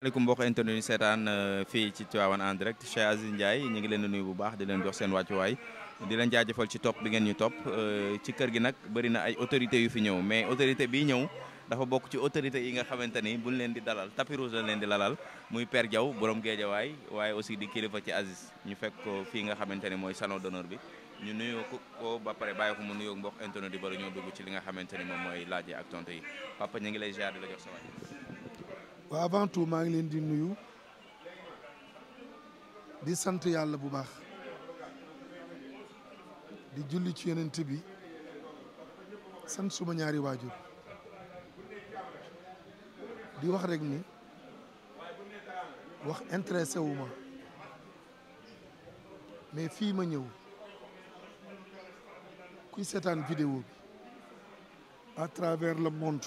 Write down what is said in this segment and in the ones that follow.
maaleykum mbokk internet yi seetaan euh, fii ci Tivaouane en direct Cheikh Aziz Ndiaye ñu ngi leen di nuyu bu baax di leen jox seen wàccuwaay di leen jaajëfal ci topp bi ngeen ñu topp euh, ci kër gi nag bëri na ay autorité yu fi ñëw mais autorité biy ñëw dafa bokk ci autorité yi nga xamante ni buñ leen di dalal tapis rouge lañ leen di lalal muy per Père Diaw borom waay waaye aussi di kilifa ci Aziz ñu fekk ko fii nga xamante ni mooy salon d'honneur bi ñu nuyoo ko ba pare bàyyi ko mu nuyoo mbokk internet yi ñoo dugg ci li nga xamante ni moom mooy laaj ak tontu yi papa ñu ngi lay ziar di la jox sama waa avant tout maa ngi leen di nuyu di sant yàlla bu baax di julli ci yonent bi sant suma ñaari waajur di wax rek ni wax intéressé wu mais fii ma ñëw kuy seetaan vidéo bi à travers le monde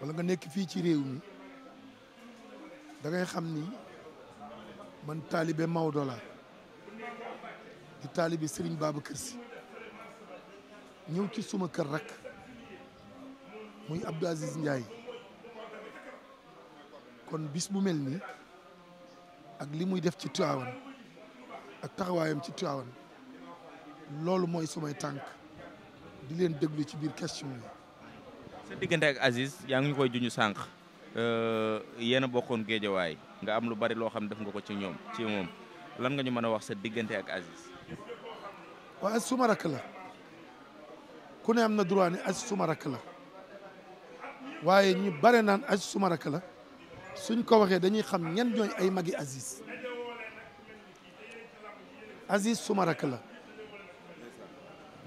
wala nga nekk fii ci réew mi dangay xam ni man taalibe Maodo laa di taalibe Serigne Babacar Sy ñëw ci suma kër rakk muy Abdou Aziz Ndiaye kon bis bu mel ni ak li muy def ci Tiwaawan ak taxawaayam ci Tiwaawan loolu mooy sumay tànk di leen déglu ci biir question yi sa diggante ak Aziz yaa ngi koy juñu sànq euh, yéen a bokkoon géejawaay nga am lu bari loo xam def nga ko ci ñoom ci moom lan nga ñu mën a wax sa diggante ak Aziz. waaw Aziz suma rakk la ku ne am na droit ne Aziz suma rakk la waaye ñu bare naan Aziz suma la suñ ko waxee dañuy xam ñan ñooy ay magi Aziz Aziz suma rakk la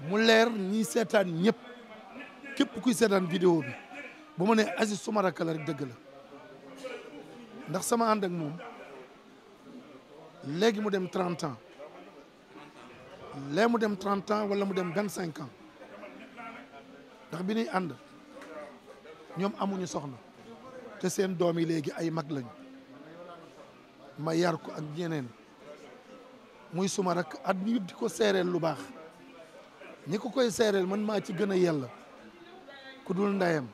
mu leer ñi seetaan ñëpp. képp kuy seetaan vidéo bi bu ma nee Aziz suma rakk la rek dëgg la ndax sama ànd moom léegi mu dem 30 ans mu dem 30 walla mu dem 25 ans ndax bi ñuy ànd ñoom amuñu soxna te seen doom yi léegi ay mag lañ ma yar ko ak ñeneen muy suma rakk at ñu di ko seereel lu baax ñi ko koy seereel man maa ci gën a yàlla. ku dul ndeyam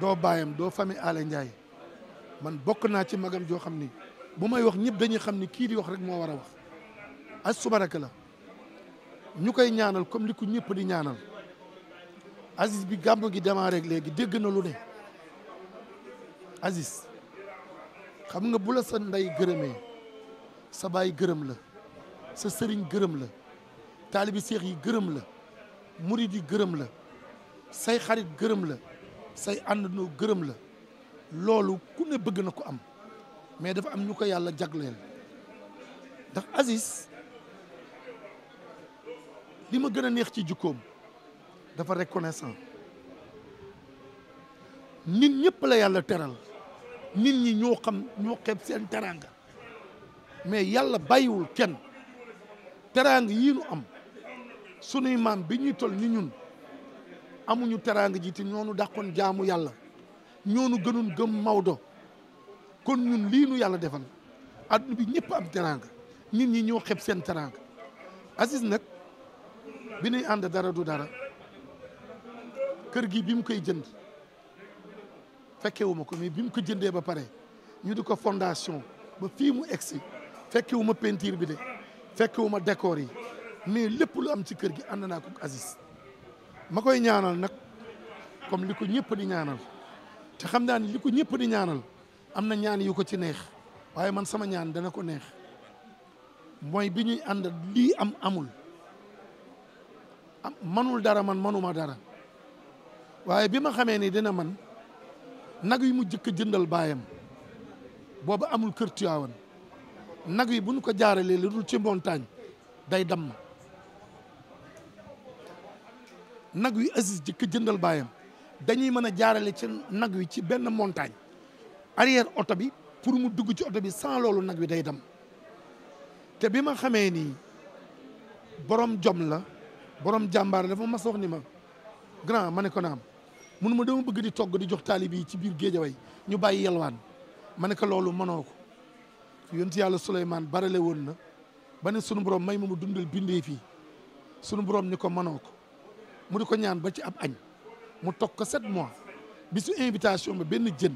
doo baayam doo famille Aly Ndiaye man bokk naa ci magam joo xam ni bu may wax ñëpp dañuy xam ni kii di wax rek moo war a wax as subaraka la ñu koy ñaanal comme li ku ñëpp di ñaanal Aziz bi gàmmu gi démarré léegi dégg na lu de Aziz xam nga bu la sa ndey gërëme sa baay gërëm la sa sëriñ gërëm la taalibi seex yi gërëm la murid yi gërëm la say xarit gërëm la say àndandoo gërëm la loolu ku ne bëgg na ko am mais dafa am ñu ko yàlla jagleel ndax Aziz li ma gën a neex ci jikkoom dafa reconnaissant nit ñëpp la yàlla teral nit ñi ñoo xam ñoo xeeb seen teraanga mais yàlla bàyyiwul kenn teraanga yii nu am sunuy maam bi ñuy tol ni ñun amuñu teraanga ji te ñoonu dàqoon jaamu yàlla ñoonu gënoon gëm Maodo kon ñun lii nu yàlla defal adduna bi ñëpp am teraanga nit ñi ñoo xeb seen teraanga Aziz nag bi nuy ànd dara du dara kër gi bi mu koy jënd fekkewuma ko mais bi mu ko jëndee ba pare ñu di ko fondation ba fii mu egsi fekkewuma peinture bi de fekkewuma dekoor yi mais lépp lu am ci kër gi ànd naa ko Aziz ma koy ñaanal nag comme li ko ñëpp di ñaanal te xam naa li ko ñëpp di ñaanal am na ñaan yu ko ci neex waaye man sama ñaan dana ko neex mooy bi ñuy ànd lii am amul manul dara man manuma dara waaye bi ma xamee ni dina man nag yi mu jëkk jëndal baayam boobu amul kër nag yi bu ñu ko jaaralee lu dul ci montagne day damm nag wi Aziz jëkk jëndal baayam dañuy mën a jaarale ci nag wi ci benn montagne arrière oto bi pour mu dugg ci oto bi sans loolu nag wi day dem te bi ma xamee nii borom jom la borom jàmbaar dafa ma wax ni ma grand ma ne ko naam mun ma dama bëgg di togg di jox taalib yi ci biir géejaway ñu bàyyi yalwaan ma ne ko loolu mënoo ko yonti yàlla Souleymane barale woon na ba ne sunu borom may ma mu dundal bindee fii sunu borom ñu ko mënoo ko. mu di ko ñaan ba ci ab añ mu toog ko sept bi bisu invitation ba benn jën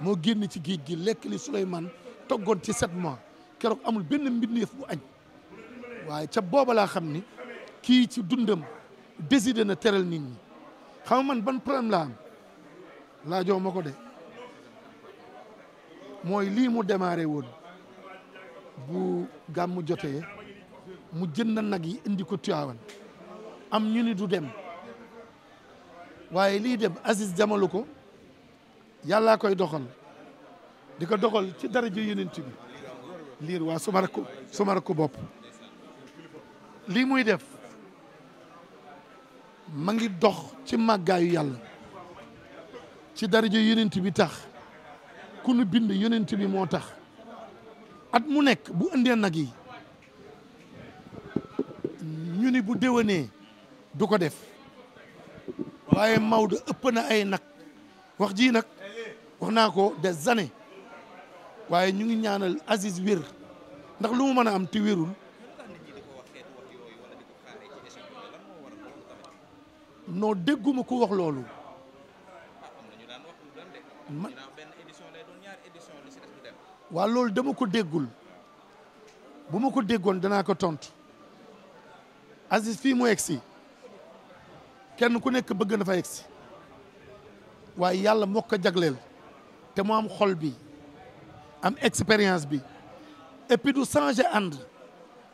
moo génn ci géej gi lekk li Souleymane toggoon ci sept mois keroog amul benn mbindeef bu añ waaye ca booba laa xam ni kii ci dundam décidé na teral nit ñi xam man ban problème laa am laajoo ma ko de mooy lii mu démarré woon bu gàmmu jotee mu jën jënd nag yi indi ko Tiwaawan am ñu ni du dem waaye lii dem asis jamalu ko yàllaa koy doxal di ko doxal ci daraja yonent bi liir waa suma rakku suma rakku bopp lii muy def ma ngi dox ci màggaayu yàlla ci daraja yonent bi tax ku bind yonent bi moo tax at mu nekk bu indee nag yi ñu ni bu déwénee du ko def waaye Maodo ëpp na ay nag wax ji nag wax naa ko des années waaye ñu ngi ñaanal Aziz wér ndax lu mu mën a am te wérul non dégguma ko wax loolu man waa loolu dama ko déggul bu ma ko déggoon danaa ko tontu Aziz fii mu si kenn ku nekk bëgg na fa yegsi waaye yàlla moo ko jagleel te mu am xol bi am expérience bi et puis du changé and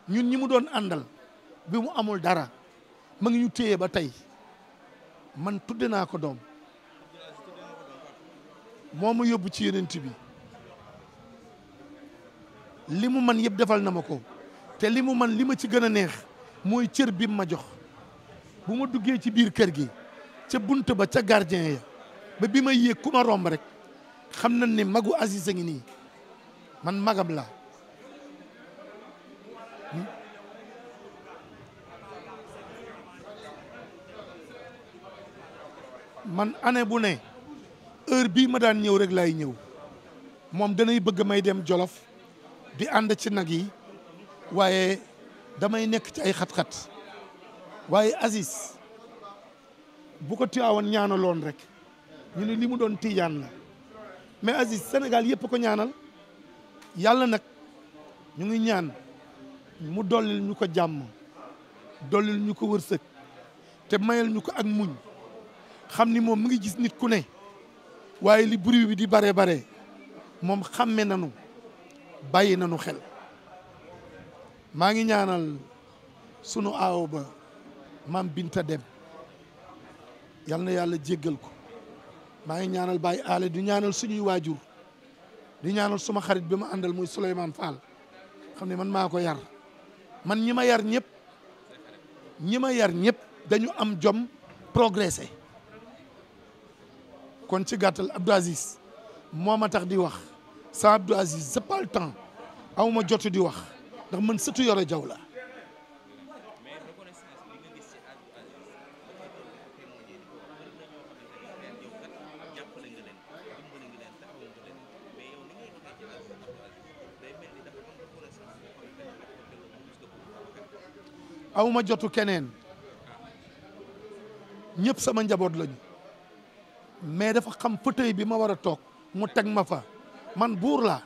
ñun ñi mu doon àndal bi mu amul dara ma ngi ñu téye ba tey man tudde naa ko doom moo yóbbu ci yenent bi li mu man yëpp defal na ma ko te li mu man li ma ci gën a neex mooy cër bi mu ma jox bu ma duggee ci biir kër gi ca bunt ba ca gardien ya ba bi ma yéeg ku ma romb rek xam na ni magu Aziz ngi nii man magam la man année bu ne heure bii ma daan ñëw rek lay ñëw moom danay bëgg may dem Jolof di ànd ci nag yi waaye damay nekk ci ay xat-xat waaye asis bu ko Tiwaawan ñaanaloon rek ñu ne li mu doon Tijaan la mais Aziz Sénégal yëpp ko ñaanal yàlla nag ñu ngi ñaan mu dollil ñu ko jàmm dollil ñu ko wërsëg te mayal ñu ko ak muñ xam ni moom mu ngi gis nit ku ne waaye li bruit bi di bare bare moom xàmme nanu bàyyi nanu xel maa ngi ñaanal sunu aaw ba maam Binta Dem yal na yàlla jéggal ko maa ngi ñaanal Baye Allé di ñaanal suñuy waajur du ñaanal suma xarit bi ma àndal muy Souleymane Fall xam ne man maa ko yar man ñi ma yar ñëpp ñi ma yar ñëpp dañu am jom progressé kon ci gàttal Abdou Aziz moom ma tax di wax sa Abdou Aziz c'est pas temps aw ma jot di wax ndax man sëtu yore jaw la aw ma jotu keneen ñëpp sama njaboot lañu mais dafa xam fauteuil bi ma war a toog mu teg ma fa man buur la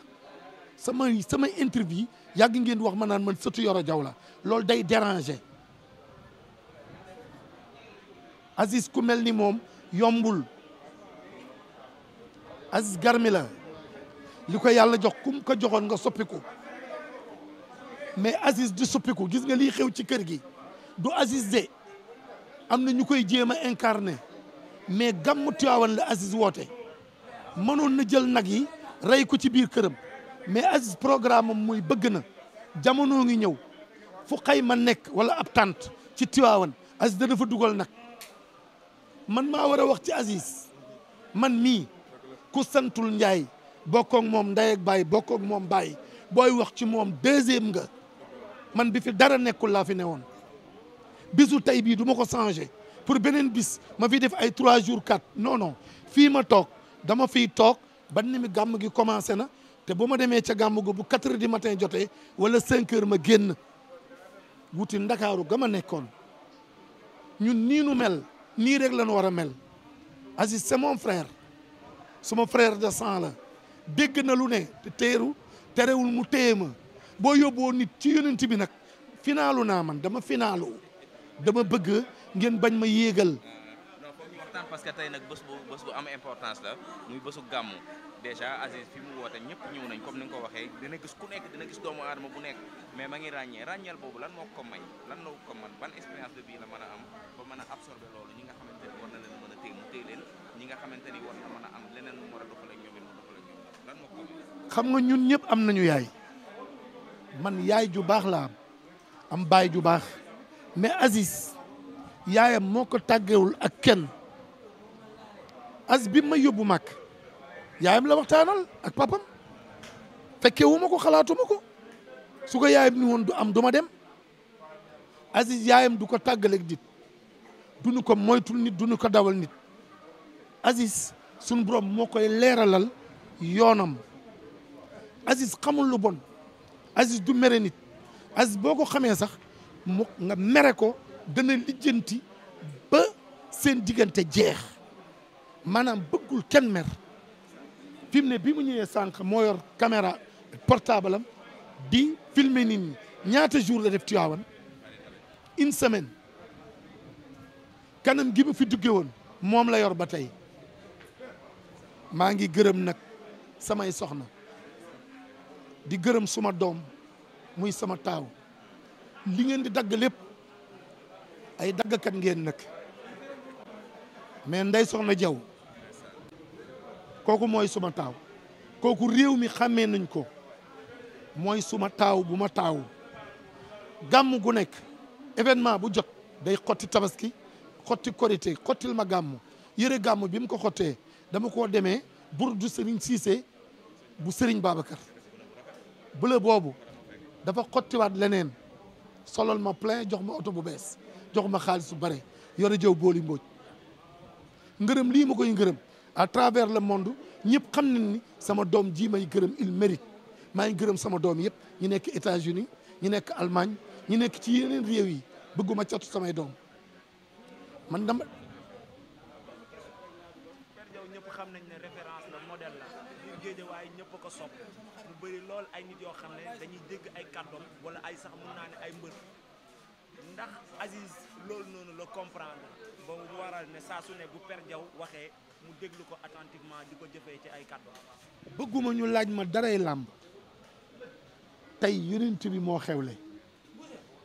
sama sama interview yàgg ngeen wax ma naan man sëtu Yoro Jaw la loolu day déranger Aziz ku mel ni moom yombul Aziz garmi la li ko yàlla jox kum ko joxoon nga soppi ko mais Aziz di suppiku gis nga liy xew ci kër gi du Aziz de am na ñu koy jéem a incarné mais gàmmu Tiwaawan la Aziz woote mënul na jël nag yi rey ko ci biir këram mais Aziz programme am muy bëgg na jamono ngi ñëw fu ma nekk wala ab tànt ci Tiwaawan Aziz da dafa dugal nag man maa war a wax ci Aziz man mii ku santul Njaay bokkoog moom ndey ak baay bokkoog moom baay booy wax ci moom deuxième nga man bi fi dara nekkul laa fi ne woon bisu tey bii duma ko changé pour beneen bis ma fi def ay trois jours quatre non fii ma toog dama fiy toog ban ni mi gàmm gi commencé na te bu ma demee ca gàmm gu bu quatre heures du matin jotee wala cinq heures ma génn wuti ndakaaru ga ma nekkoon ñun nii nu mel nii rek lañu war a mel Aziz c'est mon frère suma frère de sang la bégg na lu ne te teeru terewul mu téye ma boo yóbboo nit ci yonent bi nag finaalu naa man dama finaalu dama bëgg ngeen bañ ma yéegal parce que tey nag bés bu bés bu am importance la muy bésu gàmmu déjà Aziz fi mu woote ñëpp ñëw nañ comme ni nga ko waxee dina gis ku nekk dina gis doomu aadama bu nekk mais ma ngi ràññee ràññeel boobu lan moo ko may lan moo ko man ban expérience de vie la mën a am ba mën a absorber loolu ñi nga xamante ni war na leen a téye ñi nga xamante ni war mën a am leneen mu war a doxal ak ñoom it mu doxal ak ñoom lan moo ko may xam nga ñun ñëpp am nañu yaay man yaay ju baax laa am baay ju baax mais Aziz yaayam moo ko tàggewul ak kenn as bi ma yóbbu mag yaayam la waxtaanal ak papam fekkewu ma ko xalaatuma ko su ko yaay ni woon du am du ma dem Aziz yaayam du ko tàggaleeg nit duñu ko moytul nit duñu ko dawal nit Aziz suñu borom moo koy leeralal yoonam Aziz xamul lu bon Aziz du mere nit Aziz boo ko xamee sax mu nga mere ko dana lijjanti ba seen diggante jeex maanaam bëggul kenn mer fi mu bi mu ñëwee sànq moo yor caméra portable bi di filmer ñaata jour la def Tiwaawan une semaine kanam gi mu fi duggee woon moom la yor ba tey maa ngi gërëm nag samay soxna di gërëm suma doom muy sama taaw li ngeen di dagg lépp ay daggkat ngeen nag mais nday Soxna Jaw kooku mooy suma taaw kooku réew mi xàmmee nañ ko mooy suma taaw bu ma taaw gàmm gu nekk événement bu jot day xotti tabaski xotti korité xottil ma gàmm yëre gàmm bi mu ko xottee dama koo demee bur du Serigne Cissé bu Serigne Babacar bleu boobu dafa xottiwaat leneen solol ma plein jox ma oto bu bees jox ma xaalis bu bare yore jëw booli mbooj ngërëm lii ma koy ngërëm à travers le monde ñëpp xam nañ ni sama doom jii may gërëm il mérite maa ngi gërëm sama doom yëpp ñu nekk États-Unis ñu nekk Allemagne ñu nekk ci yeneen réew yi bëgguma catu samay doom man dama. ñëpp xam nañ ne géejawaay ñëpp a ko sopp mu bëri lool ay nit yoo xam ne dañuy dégg ay kàddoom wala ay sax mun naa ne ay mbër ndax Aziz loolu noonu la comprendre ba mu waral ne saa su ne bu per jaw waxee mu déglu ko attentivement di ko jëfee ci ay kàddoom bëgguma ñu laaj ma daray làmb tey yonent bi moo xewle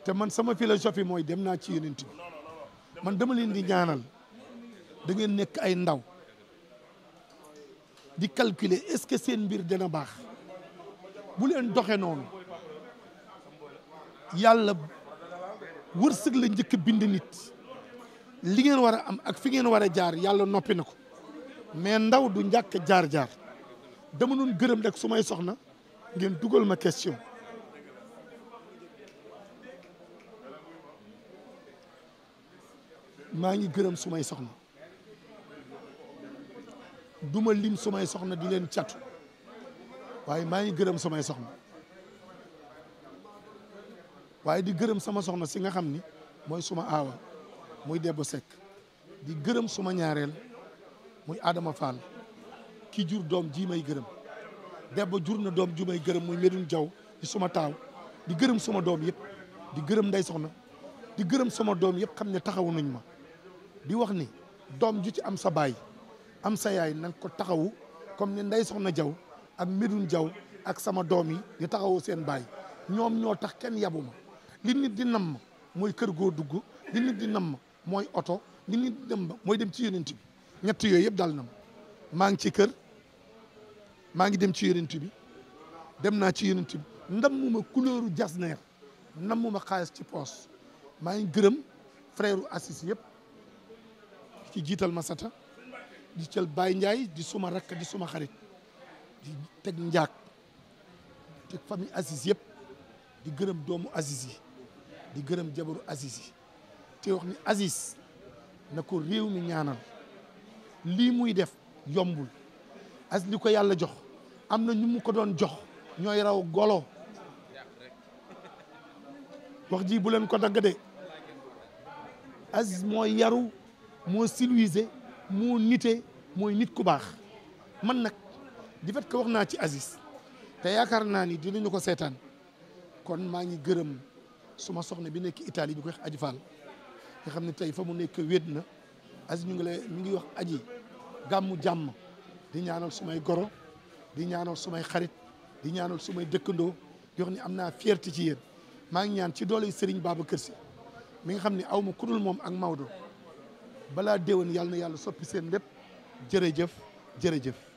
te man sama philosophie mooy dem naa ci yonent bi man dama leen di ñaanal da nekk ay ndaw di calculer est-ce que seen mbir dina baax bu leen doxee noonu yàlla wërsëg la njëkk bind nit li ngeen war a am ak fi ngeen war a jaar yàlla noppi na ko mais ndaw du njàkk jaar-jaar dama doon gërëm rek su may soxna ngeen dugal ma question maa ngi gërëm sumay may soxna du lim sumay soxna di leen catu waaye maa ngi gërëm sumay soxna waaye di gërëm sama soxna si nga xam ni mooy suma aawa muy Debbo Seck di gërëm suma ñaareel muy Adama Fall ki jur doom ji may gërëm Debbo jur na doom ju may gërëm muy Medoune Diaw di suma taaw di gërëm suma doom yëpp di gërëm nday soxna di gërëm sama doom yëpp xam ne taxawu nañ ma di wax ni doom ju ci am sa baay am sa yaay nañ ko taxawu comme ni nday soxna jaw ak Medoune jaw ak sama doom yi di taxawu seen baay ñoom ñoo tax kenn yabu ma li nit di nam mooy kër goo dugg li nit di nam mooy oto li nit di mooy dem ci yonent bi ñetti yooyu yëpp dal na maa ngi ci kër maa ngi dem ci yonent bi dem naa ci yonent bi nammuma couleur jasneer nammuma xaalis ci poos maa ngi gërëm frère u Assis yëpp ci jiital ma sata di cël Baye Ndiaye di suma rakk di suma xarit di teg njaag teg famille Aziz yëpp di gërëm doomu Aziz yi di gërëm jabaru Aziz yi te wax ni asis na ko réew mi ñaanal lii muy def yombul as li ko yàlla jox am na ñu mu ko doon jox ñooy raw golo wax ji bu leen ko dagg de Aziz moo yaru moo civilisé moo nite mooy nit ku baax man nag di fet que wax naa ci Aziz te yaakaar naa ni dinañu ko seetaan kon maa ngi gërëm suma soxna bi nekk Italie bi ko wax Aji nga xam ne tey fa mu nekk wéet na Aziz ñu ngi lay ñu ngi wax aji gàmmu jàmm di ñaanal sumay goro di ñaanal sumay xarit di ñaanal sumay dëkkandoo di wax ni am naa fierté ci yéen maa ngi ñaan ci doole Serigne Babacar Sy mi nga xam ne aw ma ku dul moom ak Maodo balaa déwén yàlla na yàlla soppi seen lépp jërëjëf jërëjëf